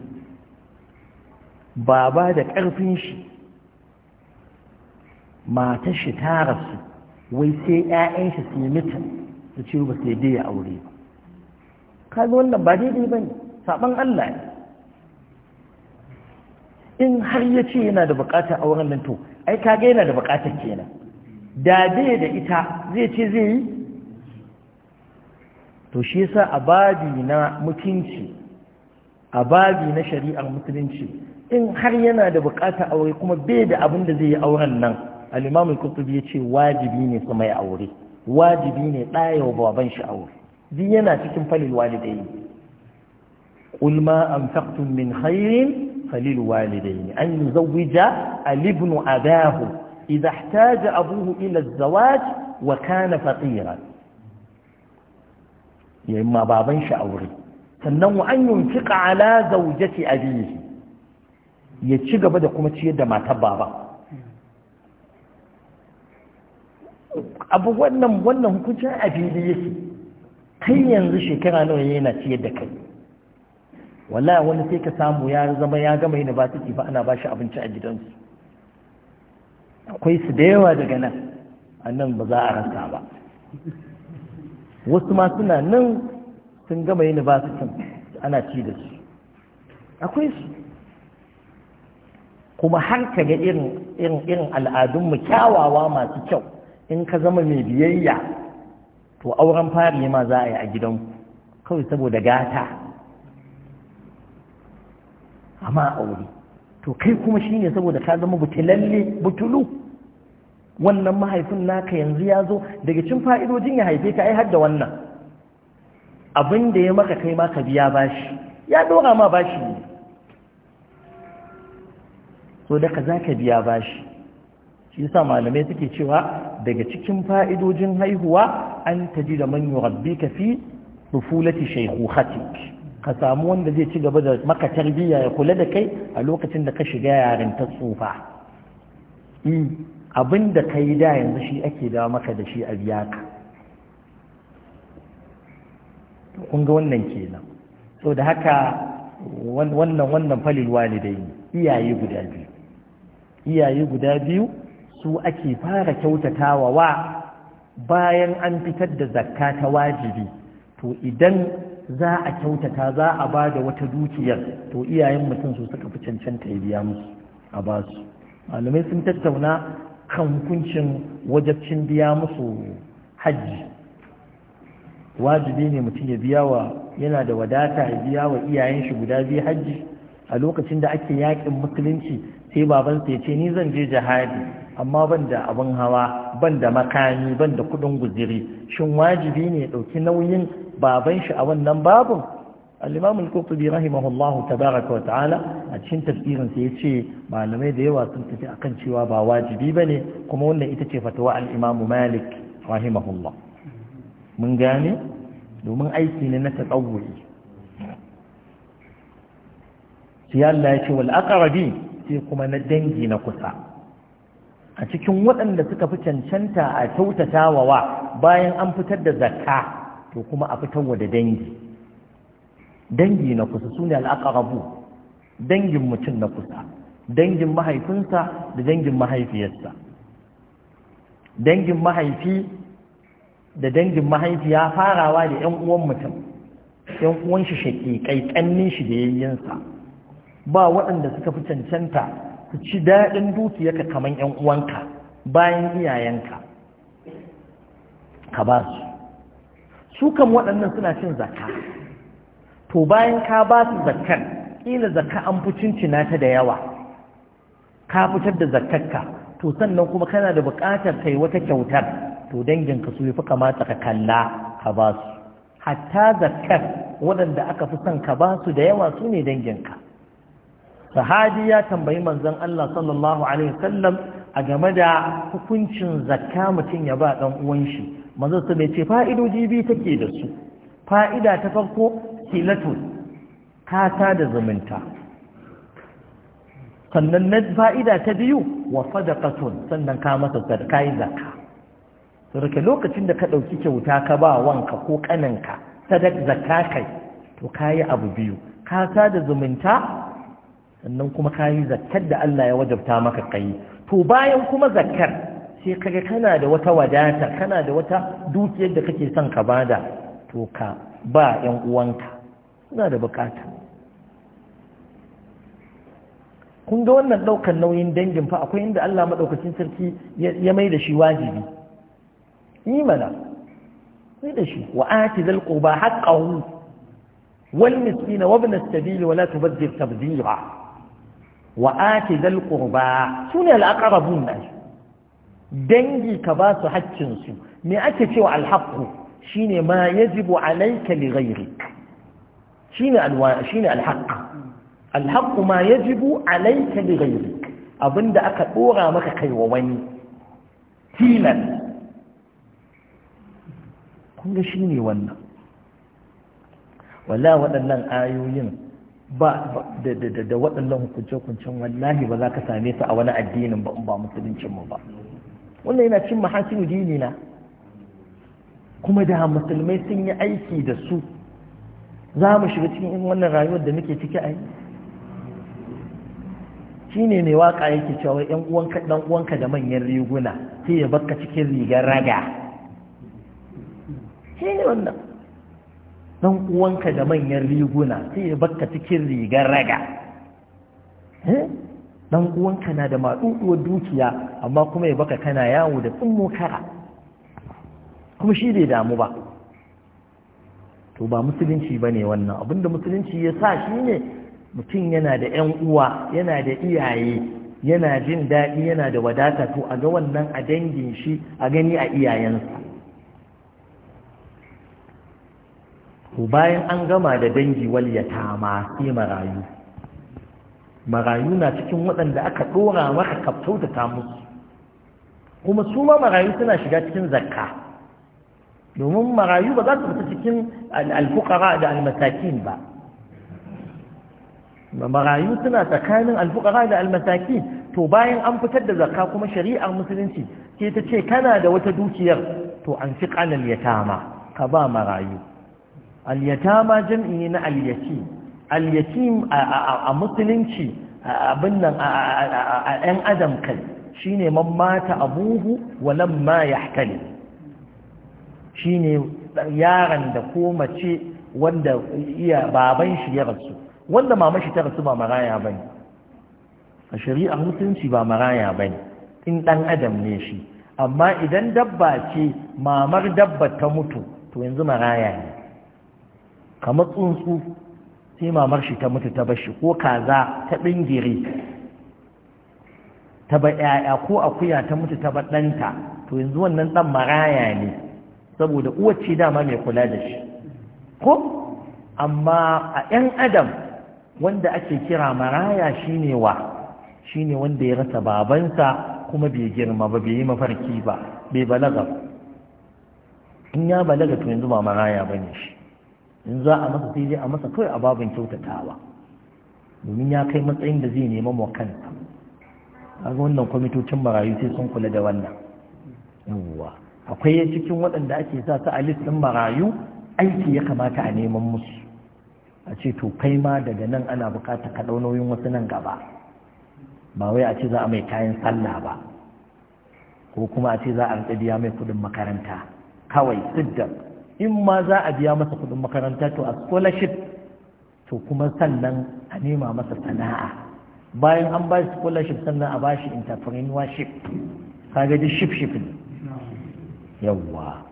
baba da ƙarfin shi mata shi ta rasu wai sai 'ya'yan shi su yi mitin su ce ba sai dai ya aure ba kaga wannan ba daidai ba ne saɓan Allah ne in har ya ce yana da bukatar auren nan to ai kaga yana da bukatar kenan da bai da ita zai ce zai yi to shi yasa a babi na mutunci a babi na shari'ar musulunci in har yana da bukatar aure kuma bai da abin da zai yi auren nan al-imam al ya yace wajibi ne kuma ya aure wajibi ne ɗaya wa baban shi aure duk yana cikin falil walidai qul ma min khairin والدين أن يزوج الابن أباه إذا احتاج أبوه إلى الزواج وكان فقيرا يا إما بابا شعوري فنو أن ينفق على زوجة أبيه يتشق بدأ قمت يد ما تبابا أبو ونم ونم كنت أبيه كي ينزل شكرا وينا تيد كي wallahi wani sai ka samu ya zama ya gama university ba ana bashi abinci a gidansu akwai su da yawa daga nan a nan ba za a rasa ba wasu ma suna nan sun gama university ana ci da su akwai su kuma har ka ga irin irin al'adunmu kyawawa masu kyau in ka zama mai biyayya to auren fari ma za a yi a gidanku kawai saboda gata amma aure to kai kuma shi ne saboda ka zama butulalle butulu wannan mahaifin naka yanzu ya zo daga cin fa'idojin ya haife ka ai har da wannan abin da ya maka kai ma ka biya bashi ya dora ma bashi ne so da za ka biya bashi shi yasa malamai suke cewa daga cikin fa'idojin haihuwa an taji da rabbi yurabbika fi rufulati shaykhukatik ka samu wanda zai ci gaba da maka tarbiyya ya kula da kai a lokacin da ka shiga yaren ta tsufa e, abin da ka yi da yanzu shi ake dawo maka da shi a biya ka kun ga wannan kenan so da haka wannan wannan falil walidai iyaye guda biyu iyaye guda biyu su ake fara kyautatawa wa bayan an fitar da zakka ta wajibi to idan za a kyautata za a ba da wata dukiyar to iyayen mutum su suka fi cancanta ya biya musu a ba su malamai sun tattauna kan hukuncin wajabcin biya musu hajji wajibi ne mutum ya biya wa yana da wadata ya biya wa iyayen shi guda biyu hajji a lokacin da ake yakin musulunci sai babansa ya ce ni zan je jihadi amma ban da abin hawa ban da makami ban da kudin guziri shin wajibi ne ya ɗauki nauyin baban shi a wannan babin al-imam al-qurtubi rahimahullahu tabaraka wa ta'ala a cikin tafsirin sa yace malamai da yawa sun tafi akan cewa ba wajibi ne kuma wannan ita ce fatawa alimamu malik rahimahullah mun gane domin aiki ne na tsawuri sai Yalla ya ce wal aqrabi sai kuma na dangi na kusa a cikin waɗanda suka fi cancanta a kyautatawa bayan an fitar da zakka to kuma a fitarwa da dangi dangi na kusa su ne al'aqrabu dangin mutum na kusa dangin mahaifinsa da dangin mahaifiyarsa dangin mahaifi da dangin mahaifiya farawa da ‘yan uwan mutum ‘yan uwan shi kai ƙannin shi da yayyinsa ba waɗanda suka fi cancanta su ci daɗin dukiyarka kamar ‘yan uwanka bayan iyayenka ka ba su su kan waɗannan suna cin zakka to bayan ka ba su zakar, ƙila zakka an fi cincina ta da yawa ka fitar da zakkarka to sannan kuma kana da buƙatar kai wata kyautar to danginka su fi kamata ka kalla ka ba su hatta zakar waɗanda aka fi son ka ba su da yawa su ne danginka sahaji ya tambayi manzon Allah sallallahu alaihi wasallam a game da hukuncin zakka mutum ya ba ɗan uwan shi manzo ta bai ce fa'idoji biyu take da su fa'ida ta farko silatu kata da zumunta sannan na fa'ida ta biyu wa sadaqatun sannan ka masa sadaka yi zakka ke lokacin da ka dauki kyauta ka ba wanka ko kaninka sadaka zakka kai to kayi abu biyu kata da zumunta sannan kuma kayi zakkar da Allah ya wajabta maka kai to bayan kuma zakkar sai kaga kana da wata wadata kana da wata dukiyar da kake son ka bada to ka ba yan uwanka suna da bukata kun ga wannan ɗaukar nauyin dangin fa akwai inda Allah maɗaukacin sarki ya mai da shi wajibi imana sai da shi wa ati zal quba haqqahu wal miskina wa ibn as-sabil wa la tubdil tabdira wa ati zal quba sunan aqrabun nashi dangi ka ba su haƙƙinsu me ake cewa alhaqqu shine ma yajibu alayka li ghayrik shine alwa shine alhaqq alhaqqu ma yajibu alayka li ghayrik abinda aka ɗora maka kai wa wani tilan kun shi ne wannan wala waɗannan ayoyin ba da waɗannan hukunce-hukuncen wallahi ba za ka same su a wani addinin ba in ba musuluncinmu ba wannan yana cin mahasinu dini na kuma da musulmai sun yi aiki da su za mu shiga cikin wannan rayuwar da muke ciki a yi shi ne mai waka yake cewa yan uwanka dan uwanka da manyan riguna sai ya baka cikin rigar raga shi ne wannan dan uwanka da manyan riguna sai ya baka cikin rigar raga eh? dan uwanka na da maɗuɗuwar dukiya amma kuma ya baka kana yawo da tsummo kara kuma shi bai damu ba to ba musulunci ba ne wannan abinda musulunci ya sa shi ne mutum yana da 'yan uwa yana da iyaye yana jin daɗi yana da wadata to a ga wannan a dangin shi a gani a iyayensa to bayan an gama da dangi wal yatama sai marayu marayu na cikin waɗanda aka ɗora maka ka kyautata musu kuma su ma marayu suna shiga cikin zakka domin marayu ba za su fita cikin alfukara da almasakin ba marayu suna tsakanin alfukara da almasakin to bayan an fitar da zakka kuma shari'ar musulunci ke ta ce kana da wata dukiyar to an fi ƙanan yatama ka ba marayu al yatama jam'i ne na al yatim al-yatim a musulunci abin nan a ɗan adam kai shine man mata abuhu walam ma shine yaron da ko mace wanda iya baban shi ya rasu wanda mama shi ta rasu ba maraya ne, a shari'ar musulunci ba maraya bane in ɗan adam ne shi amma idan dabba ce mamar dabba ta mutu to yanzu maraya ne kamar tsuntsu sai mamar shi ta mutu ta bashi ko kaza ta ɗingire ta ba ƴaƴa ko akuya ta mutu ta ba ɗanta to yanzu wannan ɗan maraya ne saboda uwacce dama mai kula da shi ko amma a ƴan adam wanda ake kira maraya shine wa shine wanda ya rasa babansa kuma bai girma ba bai yi mafarki ba bai balaga in ya balaga to yanzu ba maraya bane shi in za a masa sai a masa kawai a babin kyautatawa domin ya kai matsayin da zai nema wa kansa a wannan kwamitocin marayu sai sun kula da wannan yawwa akwai cikin waɗanda ake sa su a listin marayu aiki ya kamata a neman musu a ce to kai ma daga nan ana bukata ka ɗau nauyin wasu nan gaba ba wai a ce za a mai kayan sallah ba ko kuma a ce za a rika biya mai kuɗin makaranta kawai siddar in ma za a biya masa kudin makaranta to a scholarship to kuma sannan a nema masa sana'a bayan an ba shi scholarship sannan a ba shi entrepreneurship kaga duk ship ship ne yawwa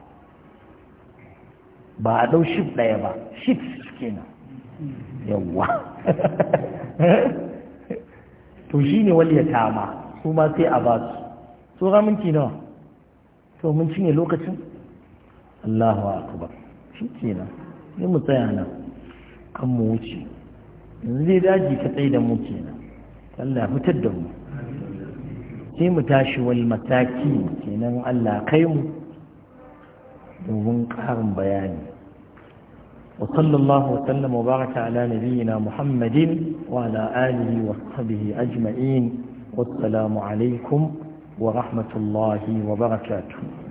ba a dau ship daya ba ship kenan yawwa to shi ne wal ya su ma sai a ba su so minti nawa to mun cinye lokacin Allahu akbar shi kenan sai mu tsaya nan kan mu wuce yanzu zai daji ka tsaye da mu kenan Allah fitar da mu sai mu tashi wal mataki kenan Allah kai mu domin ƙarin bayani وصلى الله وسلم وبارك على نبينا محمد وعلى آله وصحبه أجمعين والسلام عليكم الله وبركاته